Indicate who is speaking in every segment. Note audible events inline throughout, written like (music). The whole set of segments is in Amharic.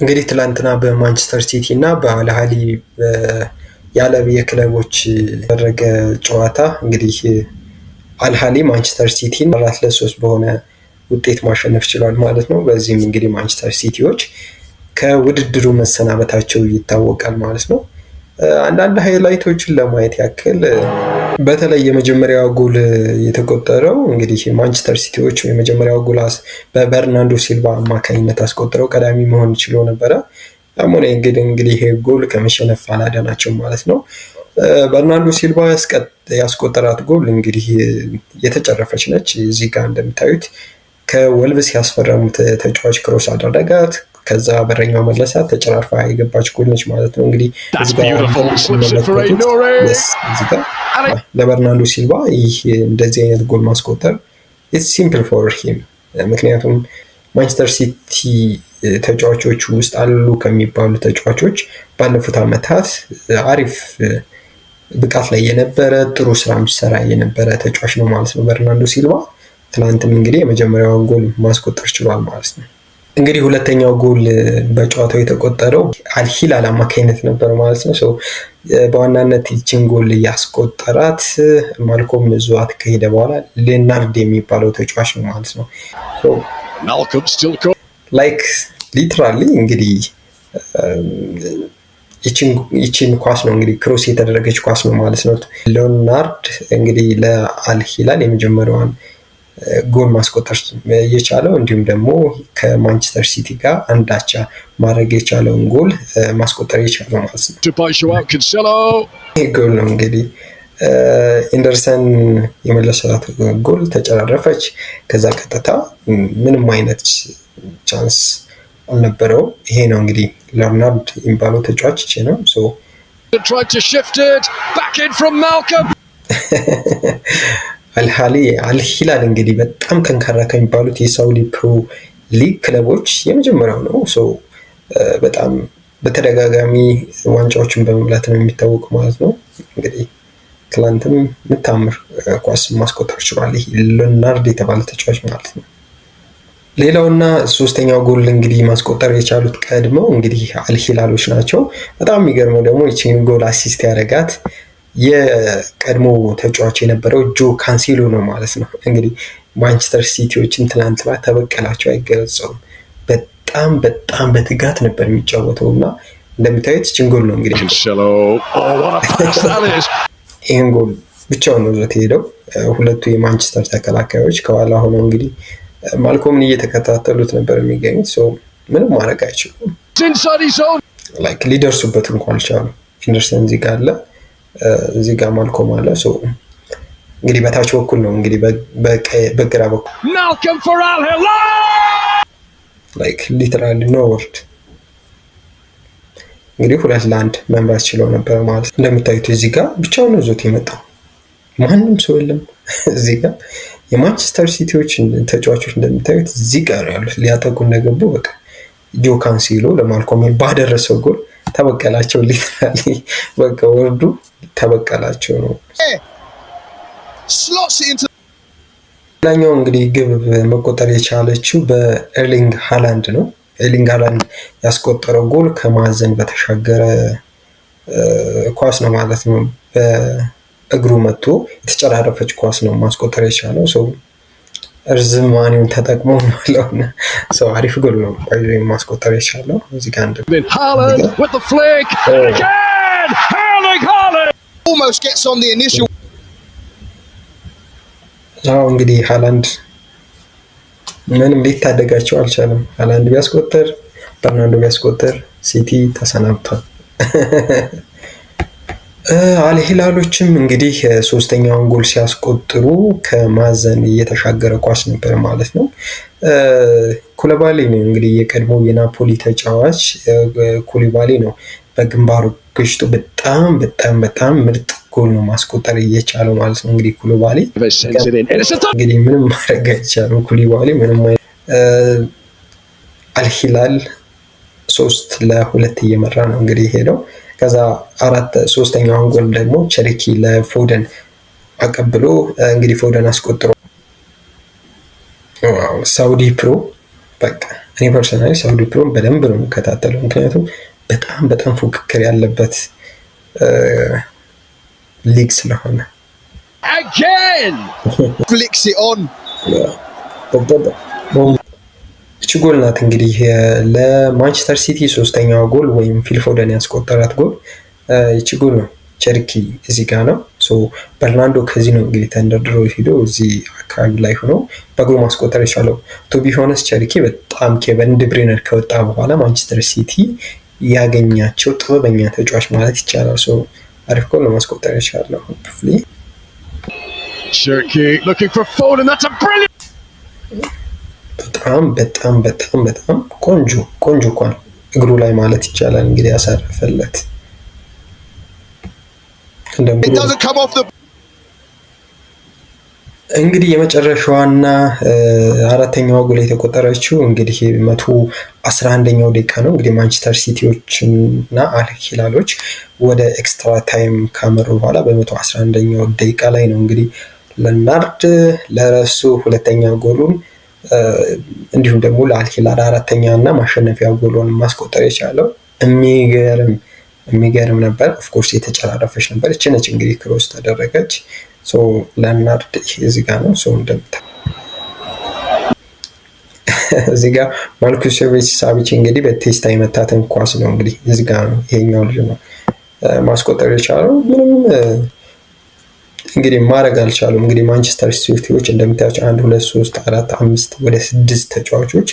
Speaker 1: እንግዲህ ትላንትና በማንቸስተር ሲቲ እና በአልሃሊ የዓለም የክለቦች ያደረገ ጨዋታ እንግዲህ አልሃሊ ማንቸስተር ሲቲን አራት ለሶስት በሆነ ውጤት ማሸነፍ ችሏል ማለት ነው። በዚህም እንግዲህ ማንቸስተር ሲቲዎች ከውድድሩ መሰናበታቸው ይታወቃል ማለት ነው። አንዳንድ ሃይላይቶችን ለማየት ያክል በተለይ የመጀመሪያ ጎል የተቆጠረው እንግዲህ ማንቸስተር ሲቲዎች የመጀመሪያ ጎል በበርናንዶ ሲልቫ አማካኝነት አስቆጥረው ቀዳሚ መሆን ችሎ ነበረ። አሞኔ እንግዲህ ጎል ከመሸነፍ አላዳናቸው ማለት ነው። በርናንዶ ሲልቫ ያስቆጠራት ጎል እንግዲህ የተጨረፈች ነች። እዚህ ጋር እንደምታዩት ከወልቭስ ያስፈረሙት ተጫዋች ክሮስ አደረጋት። ከዛ በረኛው መለሳ ተጨራርፋ የገባች ጎል ነች ማለት ነው። እንግዲህ ለበርናንዶ ሲልቫ ይህ እንደዚህ አይነት ጎል ማስቆጠር ሲምፕል ፎር ሂም፣ ምክንያቱም ማንቸስተር ሲቲ ተጫዋቾች ውስጥ አሉ ከሚባሉ ተጫዋቾች ባለፉት ዓመታት አሪፍ ብቃት ላይ የነበረ ጥሩ ስራ ሚሰራ የነበረ ተጫዋች ነው ማለት ነው በርናንዶ ሲልቫ። ትናንትም እንግዲህ የመጀመሪያውን ጎል ማስቆጠር ችሏል ማለት ነው። እንግዲህ ሁለተኛው ጎል በጨዋታው የተቆጠረው አልሂላል አማካኝነት ነበር ማለት ነው። በዋናነት ይችን ጎል እያስቆጠራት ማልኮም ዙዋት ከሄደ በኋላ ሌናርድ የሚባለው ተጫዋች ነው ማለት ነው። ላይክ ሊትራሊ እንግዲህ ይችን ኳስ ነው እንግዲህ ክሮስ የተደረገች ኳስ ነው ማለት ነው። ሌናርድ እንግዲህ ለአልሂላል የመጀመሪያዋን ጎል ማስቆጠር የቻለው እንዲሁም ደግሞ ከማንቸስተር ሲቲ ጋር አንዳቻ ማድረግ የቻለውን ጎል ማስቆጠር የቻለው ማለት ነው። ይህ ጎል ነው እንግዲህ ኤንደርሰን የመለሰላት ጎል ተጨራረፈች። ከዛ ቀጥታ ምንም አይነት ቻንስ አልነበረው። ይሄ ነው እንግዲህ ለርናርድ የሚባለው ተጫዋች ይቼ ነው (laughs) አልሃሊ አልሂላል እንግዲህ በጣም ጠንካራ ከሚባሉት የሳውዲ ፕሮ ሊግ ክለቦች የመጀመሪያው ነው። በጣም በተደጋጋሚ ዋንጫዎችን በመብላት ነው የሚታወቅ ማለት ነው። እንግዲህ ትላንትም የምታምር ኳስ ማስቆጠር ችሏል። ይህ ሎናርድ የተባለ ተጫዋች ማለት ነው። ሌላውና ሶስተኛው ጎል እንግዲህ ማስቆጠር የቻሉት ቀድመው እንግዲህ አልሂላሎች ናቸው። በጣም የሚገርመው ደግሞ ይችን ጎል አሲስት ያደረጋት የቀድሞ ተጫዋች የነበረው ጆ ካንሴሎ ነው ማለት ነው። እንግዲህ ማንቸስተር ሲቲዎችን ትናንት ተበቀላቸው አይገለጸውም። በጣም በጣም በትጋት ነበር የሚጫወተው እና እንደምታዩት ችንጎል ነው እንግዲህ ይህን ጎል ብቻው ነው ይዞት ሄደው ሁለቱ የማንቸስተር ተከላካዮች ከኋላ ሆነው እንግዲህ ማልኮምን እየተከታተሉት ነበር የሚገኙት። ምንም ማድረግ አይችሉም። ሊደርሱበት እንኳ አልቻሉ። ኢንደርሰን ዚጋ አለ እዚህ ጋር ማልኮም አለ። እንግዲህ በታች በኩል ነው እንግዲህ በግራ በኩል ላይክ ሊትራሊ ኖ ወርድ እንግዲህ ሁለት ለአንድ መምራት ችለው ነበረ ማለት ነው። እንደምታዩት እዚህ ጋር ብቻውን ዞት የመጣው ማንም ሰው የለም። (laughs) እዚህ ጋር የማንቸስተር ሲቲዎች ተጫዋቾች እንደምታዩት እዚህ ጋር ያሉት ሊያጠቁ እንደገቡ በቃ ጆ ካንሴሎ ለማልኮም ባደረሰው ጎል ተበቀላቸው። ሊትራሊ በቃ ወርዱ ተበቀላቸው ነው። ሌላኛው እንግዲህ ግብ መቆጠር የቻለችው በኤርሊንግ ሃላንድ ነው። ኤርሊንግ ሃላንድ ያስቆጠረው ጎል ከማዕዘን በተሻገረ ኳስ ነው ማለት ነው። በእግሩ መጥቶ የተጨራረፈች ኳስ ነው ማስቆጠር የቻለው ሰው እርዝማኔውን ተጠቅሞ ለሆነ ሰው አሪፍ ጎል ነው ማስቆጠር የቻለው እዚህ ጋ እንግዲህ ሃላንድ ምንም ሊታደጋቸው አልቻለም። ሃላንድ ቢያስቆጠር፣ በርናንዶ ቢያስቆጠር ሲቲ ተሰናብቷል። አልሂላሎችም እንግዲህ ሶስተኛውን ጎል ሲያስቆጥሩ ከማዘን እየተሻገረ ኳስ ነበር ማለት ነው። ኩለባሌ ነው እንግዲህ የቀድሞ የናፖሊ ተጫዋች ኩሊባሌ ነው በግንባሩ ግጭቱ በጣም በጣም በጣም ምርጥ ጎል ነው ማስቆጠር እየቻለው ማለት ነው። እንግዲህ ኩሊባሊ እንግዲህ ምንም ማድረግ አይቻልም። ኩሊባሌ ምንም አልሂላል ሶስት ለሁለት እየመራ ነው እንግዲህ ሄደው ከዛ አራት ሶስተኛውን ጎል ደግሞ ቸርኪ ለፎደን አቀብሎ እንግዲህ ፎደን አስቆጥሮ ሳውዲ ፕሮ በቃ እኔ ፐርሰናሊ ሳውዲ ፕሮን በደንብ ነው የምከታተለው። ምክንያቱም በጣም በጣም ፉክክር ያለበት ሊግ ስለሆነ ፍሊክስ ኦን (laughs) ጎል ናት እንግዲህ ለማንቸስተር ሲቲ ሶስተኛው ጎል ወይም ፊልፎደን ያስቆጠራት ጎል ይቺ ጎል ነው። ቸርኪ እዚህ ጋር ነው። በርናንዶ ከዚህ ነው እንግዲህ ተንደርድሮ ሄዶ እዚህ አካባቢ ላይ ሆኖ በእግሩ ማስቆጠር የቻለው። ቶቢ ሆነስ ቸርኪ በጣም ኬቨን ድብሬነር ከወጣ በኋላ ማንቸስተር ሲቲ ያገኛቸው ጥበበኛ ተጫዋች ማለት ይቻላል። አሪፍ ጎል ለማስቆጠር የቻለው ሆፕፉሊ በጣም በጣም በጣም በጣም ቆንጆ ቆንጆ ኳን እግሩ ላይ ማለት ይቻላል እንግዲህ ያሳረፈለት እንግዲህ የመጨረሻዋና አራተኛዋ ጎል የተቆጠረችው እንግዲህ መቶ አስራ አንደኛው ደቂቃ ነው። እንግዲህ ማንቸስተር ሲቲዎች እና አልሂላሎች ወደ ኤክስትራ ታይም ካመሩ በኋላ በመቶ አስራ አንደኛው ደቂቃ ላይ ነው እንግዲህ ለናርድ ለረሱ ሁለተኛ ጎሉን እንዲሁም ደግሞ ለአልሂላል አራተኛ እና ማሸነፊያ ጎሎን ማስቆጠር የቻለው የሚገርም የሚገርም ነበር። ኦፍኮርስ የተጨራረፈች ነበር። እች ነች እንግዲህ ክሮስ ተደረገች። ለናርድ ይሄ እዚጋ ነው ሰው እንደምታ (laughs) እዚጋ ማርኩስ ሳቢች እንግዲህ በቴስታ የመታትን ኳስ ነው እንግዲህ እዚጋ ነው ይሄኛው ልጅ ነው ማስቆጠር የቻለው ምንም እንግዲህ ማድረግ አልቻሉም። እንግዲህ ማንቸስተር ሲቲዎች እንደምታያቸው አንድ ሁለት ሶስት አራት አምስት ወደ ስድስት ተጫዋቾች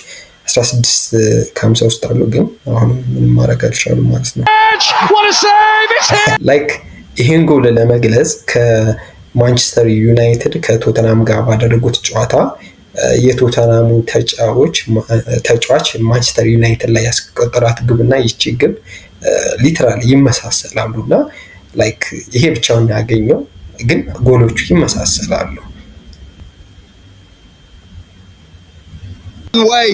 Speaker 1: 16 ከሀምሳ ውስጥ አሉ፣ ግን አሁንም ምንም ማድረግ አልቻሉም ማለት ነው። ላይክ ይህን ጎል ለመግለጽ ከማንቸስተር ዩናይትድ ከቶተናም ጋር ባደረጉት ጨዋታ የቶተናሙ ተጫዋች ተጫዋች ማንቸስተር ዩናይትድ ላይ ያስቆጠራት ግብና ይቺ ግብ ሊትራል ይመሳሰላሉ እና ላይክ ይሄ ብቻውን ያገኘው ግን ጎሎቹ ይመሳሰላሉ። ወይ